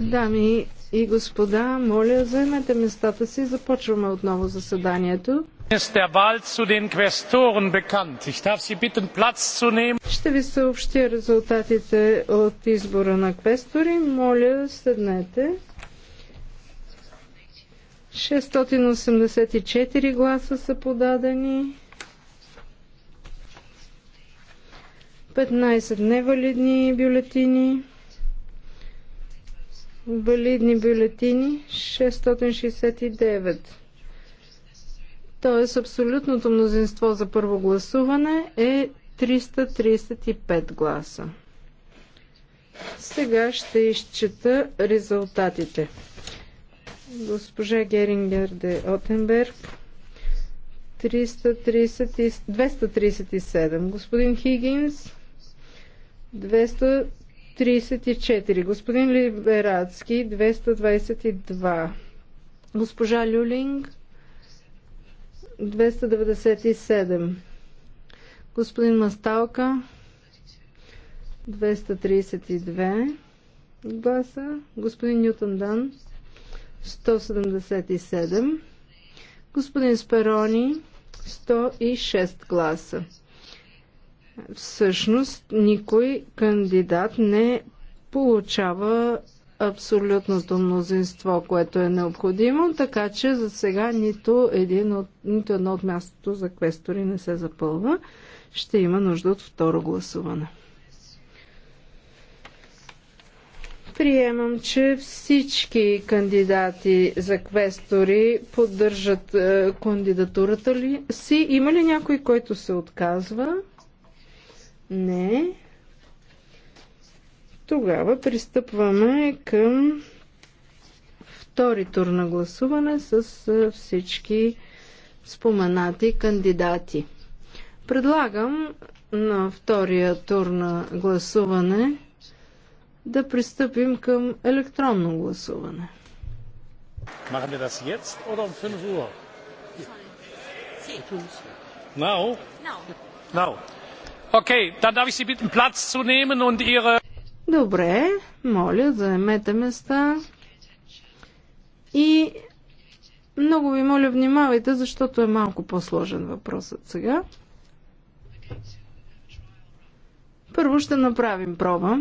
Дами и господа, моля, заемете местата си. Започваме отново заседанието. Ще ви съобщя резултатите от избора на квестори. Моля, седнете. 684 гласа са подадени. 15 невалидни бюлетини валидни бюлетини 669. Тоест абсолютното мнозинство за първо гласуване е 335 гласа. Сега ще изчета резултатите. Госпожа Герингер де Отенберг 330, 237. Господин Хигинс 34. Господин Либерацки 222. Госпожа Люлинг 297. Господин Масталка 232 гласа. Господин Нютон Дан 177. Господин Сперони 106 гласа всъщност никой кандидат не получава абсолютното мнозинство, което е необходимо, така че за сега нито, един от, нито едно от мястото за квестори не се запълва. Ще има нужда от второ гласуване. Приемам, че всички кандидати за квестори поддържат е, кандидатурата ли си. Има ли някой, който се отказва? Не. Тогава пристъпваме към втори тур на гласуване с всички споменати кандидати. Предлагам на втория тур на гласуване да пристъпим към електронно гласуване. Machen wir das jetzt oder um 5 Uhr? Now? Now. Now. Добре, моля, заемете места. И много ви моля, внимавайте, защото е малко по-сложен въпросът сега. Първо ще направим проба.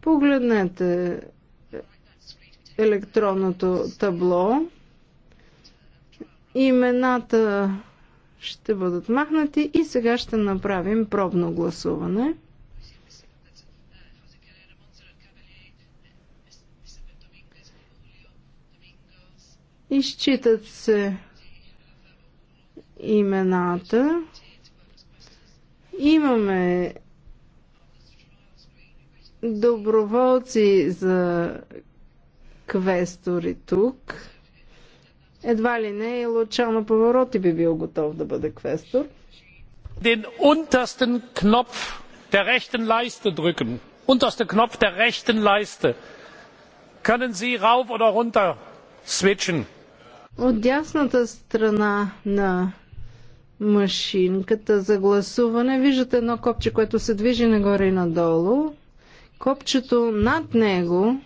Погледнете електронното табло. Имената ще бъдат махнати и сега ще направим пробно гласуване. Изчитат се имената. Имаме доброволци за квестори тук. Едва ли не и Лучано Повороти би бил готов да бъде квестор. Den untersten Knopf der rechten Leiste drücken. Unterste Knopf der rechten Leiste. Können Sie rauf oder runter switchen? От дясната страна на машинката за гласуване виждате едно копче, което се движи нагоре и надолу. Копчето над него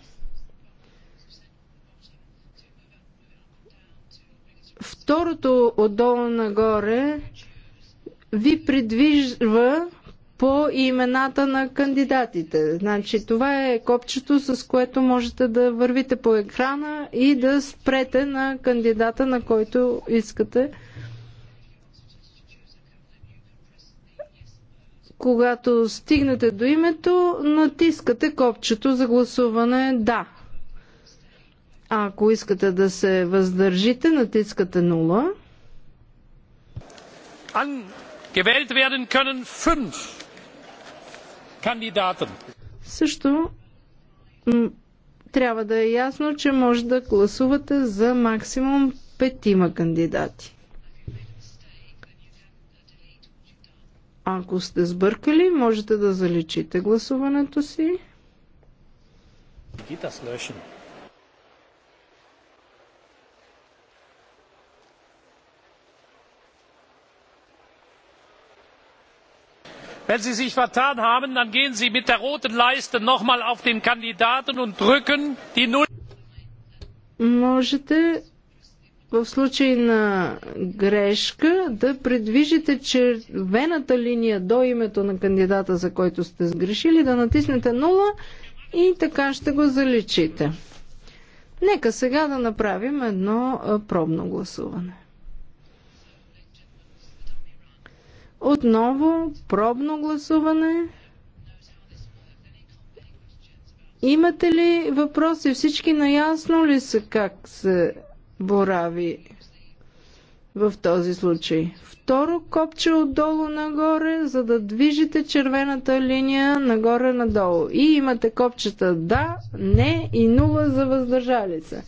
Второто отдолу нагоре ви придвижва по имената на кандидатите. Значи това е копчето, с което можете да вървите по екрана и да спрете на кандидата, на който искате. Когато стигнете до името, натискате копчето за гласуване Да ако искате да се въздържите, натискате 0. Gewählt werden können fünf Kandidaten. Също трябва да е ясно, че може да гласувате за максимум петима кандидати. Ако сте сбъркали, можете да заличите гласуването си. Geht das löschen? wenn sie sich vertan haben dann gehen sie mit der roten leiste noch einmal auf den kandidaten und drücken die null. Можете в случай на грешка да придвижите червената линия до името на кандидата, за който сте сгрешили, да натиснете нула и така ще го заличите. Нека сега да направим едно пробно гласуване. Отново пробно гласуване. Имате ли въпроси? Всички наясно ли са как се борави в този случай? Второ копче отдолу нагоре, за да движите червената линия нагоре надолу. И имате копчета да, не и нула за въздържали се.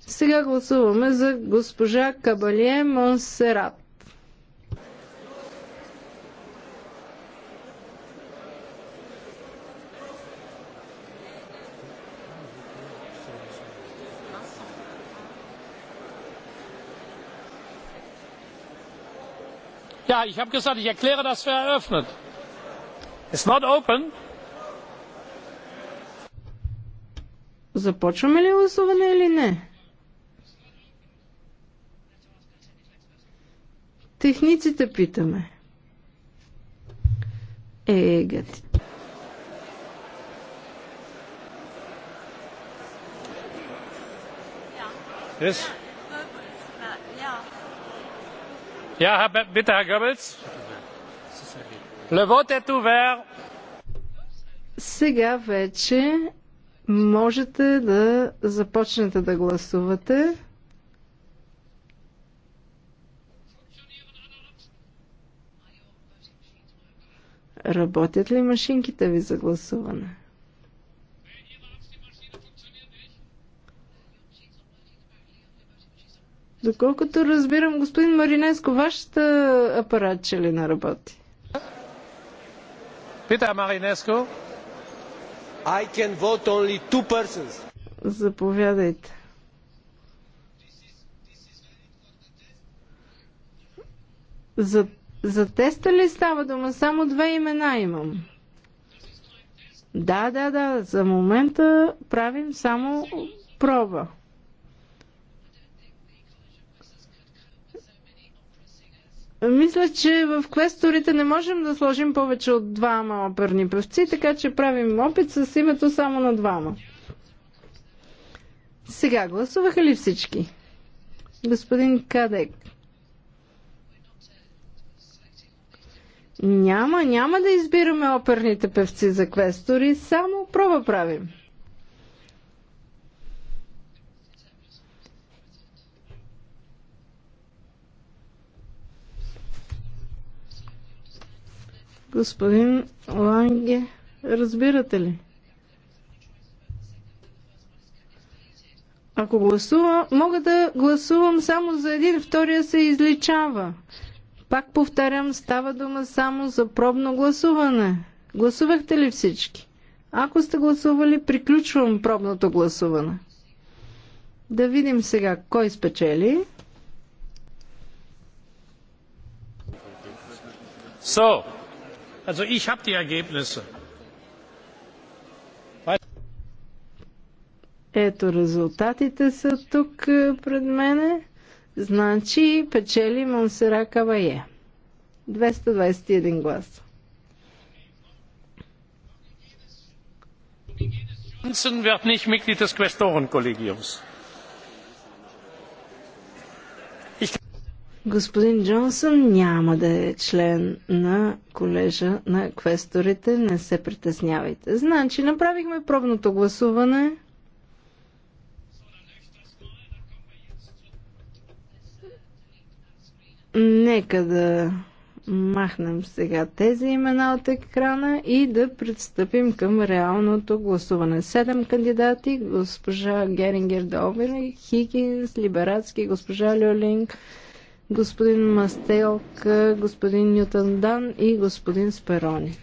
Сега гласуваме за госпожа Кабалие Монсерат. ja ich habe gesagt ich erkläre das für eröffnet. it is not open. Започваме ли гласуване или не? Техниците питаме. Е, гати. Yes? Ja, bitte, Herr Goebbels. Le vote est ouvert. Сега вече можете да започнете да гласувате. Работят ли машинките ви за гласуване? Доколкото разбирам, господин Маринеско, вашата че ли на работи? Пита Маринеско. I can vote only two persons. Заповядайте. За, за теста ли става дума? Само две имена имам. Да, да, да. За момента правим само проба. Мисля, че в квесторите не можем да сложим повече от двама оперни певци, така че правим опит с името само на двама. Сега гласуваха ли всички? Господин Кадек. Няма, няма да избираме оперните певци за квестори, само проба правим. Господин Ланге, разбирате ли? Ако гласувам, мога да гласувам само за един, втория се изличава. Пак повтарям, става дума само за пробно гласуване. Гласувахте ли всички? Ако сте гласували, приключвам пробното гласуване. Да видим сега кой спечели. So, also ich habe die ergebnisse. Ето резултатите са тук пред мене. Значи печели Монсера Кавае. 221 гласа. Wird nicht Mitglied des Quästorenkollegiums. Господин Джонсън няма да е член на колежа на квесторите, не се притеснявайте. Значи, направихме пробното гласуване. Нека да махнем сега тези имена от екрана и да пристъпим към реалното гласуване. Седем кандидати, госпожа Герингер Довен, Хигинс, Либератски, госпожа Льолинг господин Мастелка, господин Нютон Дан и господин Сперони.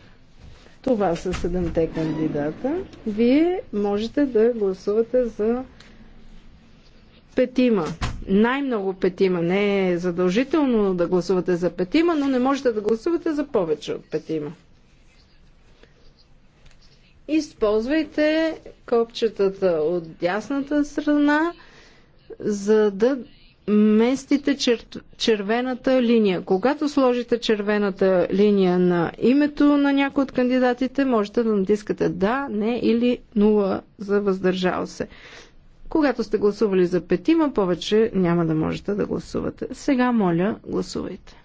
Това са седемте кандидата. Вие можете да гласувате за петима. Най-много петима. Не е задължително да гласувате за петима, но не можете да гласувате за повече от петима. Използвайте копчетата от дясната страна, за да местите чер... червената линия. Когато сложите червената линия на името на някой от кандидатите, можете да натискате да, не или нула за въздържал се. Когато сте гласували за петима, повече няма да можете да гласувате. Сега, моля, гласувайте.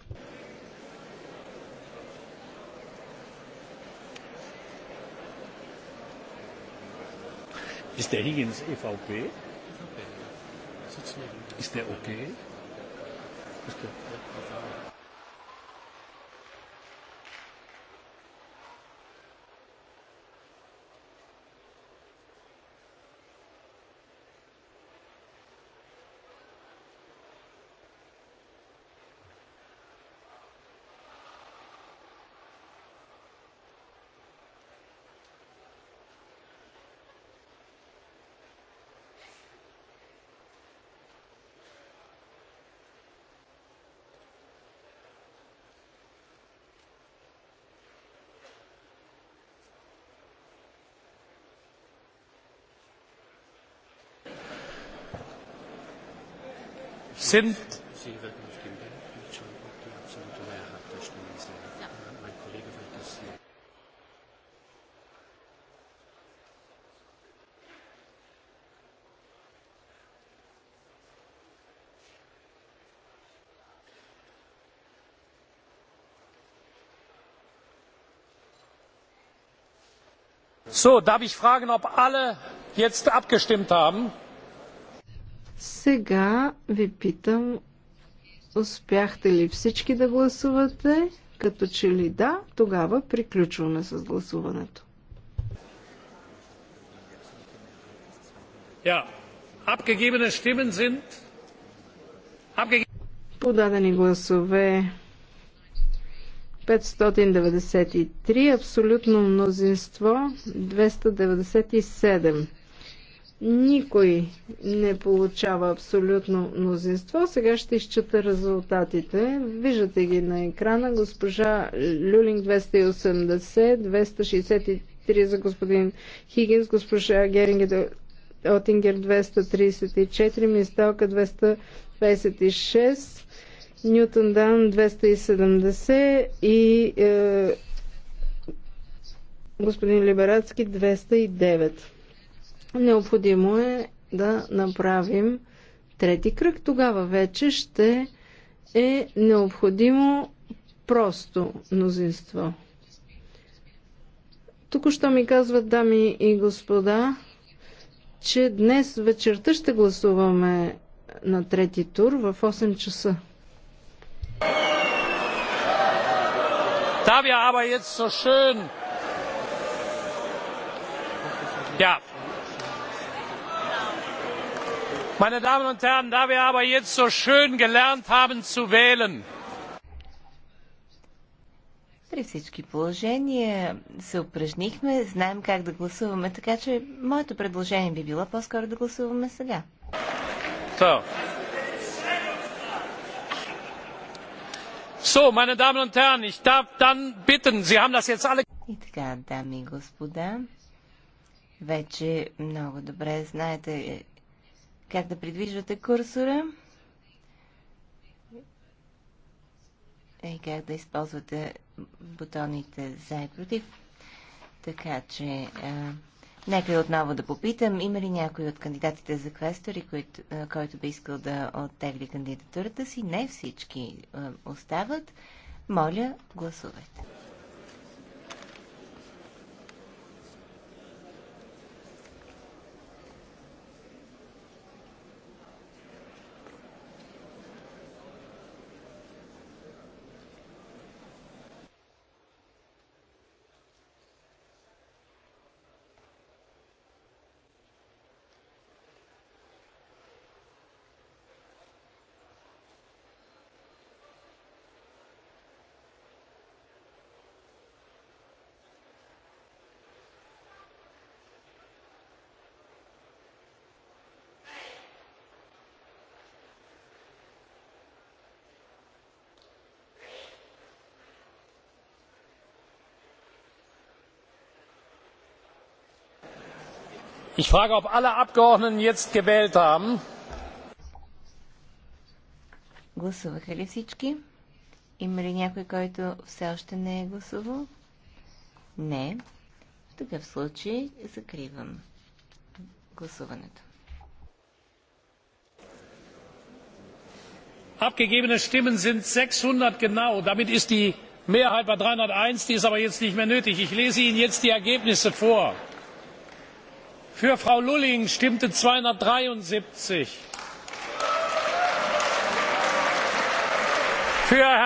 Ist der Higgins EVP? Okay. Ist der okay? Ist der, sind So, darf ich fragen, ob alle jetzt abgestimmt haben? Сега ви питам, успяхте ли всички да гласувате? Като че ли да, тогава приключваме с гласуването. Ja, abgegebene Stimmen sind Подадени гласове 593, абсолютно мнозинство 297. Никой не получава абсолютно мнозинство. Сега ще изчета резултатите. Виждате ги на екрана. Госпожа Люлинг 280, 263 за господин Хигинс, госпожа Геринг Отингер 234, Мисталка 226, Ньютон Дан 270 и е, господин Либерацки 209. Необходимо е да направим трети кръг. Тогава вече ще е необходимо просто мнозинство. Тук що ми казват, дами и господа, че днес вечерта ще гласуваме на трети тур в 8 часа. Да, wir aber jetzt so schön. Ja meine damen und herren da wir aber jetzt so schön gelernt haben zu wählen при всички положения се упражнихме, знаем как да гласуваме, така че моето предложение би било по-скоро да гласуваме сега. So. So, meine Damen und Herren, ich darf dann bitten, Sie haben das jetzt alle... И така, дами и господа, вече много добре знаете как да придвижвате курсора и е, как да използвате бутоните за и против. Така че, а, нека отново да попитам, има ли някой от кандидатите за квестори, който, а, който би искал да оттегли кандидатурата си? Не всички а, остават. Моля, гласувайте. ich frage ob alle abgeordneten jetzt gewählt haben. Гласуваха ли всички? Има ли някой, който все още не е гласувал? Не. В такъв случай закривам гласуването. Abgegebene Stimmen sind 600 genau. Damit ist die Mehrheit bei 301, die ist aber jetzt nicht mehr nötig. Ich lese Ihnen jetzt die Ergebnisse vor für frau lulling stimmten zweihundertdreiundsiebzig für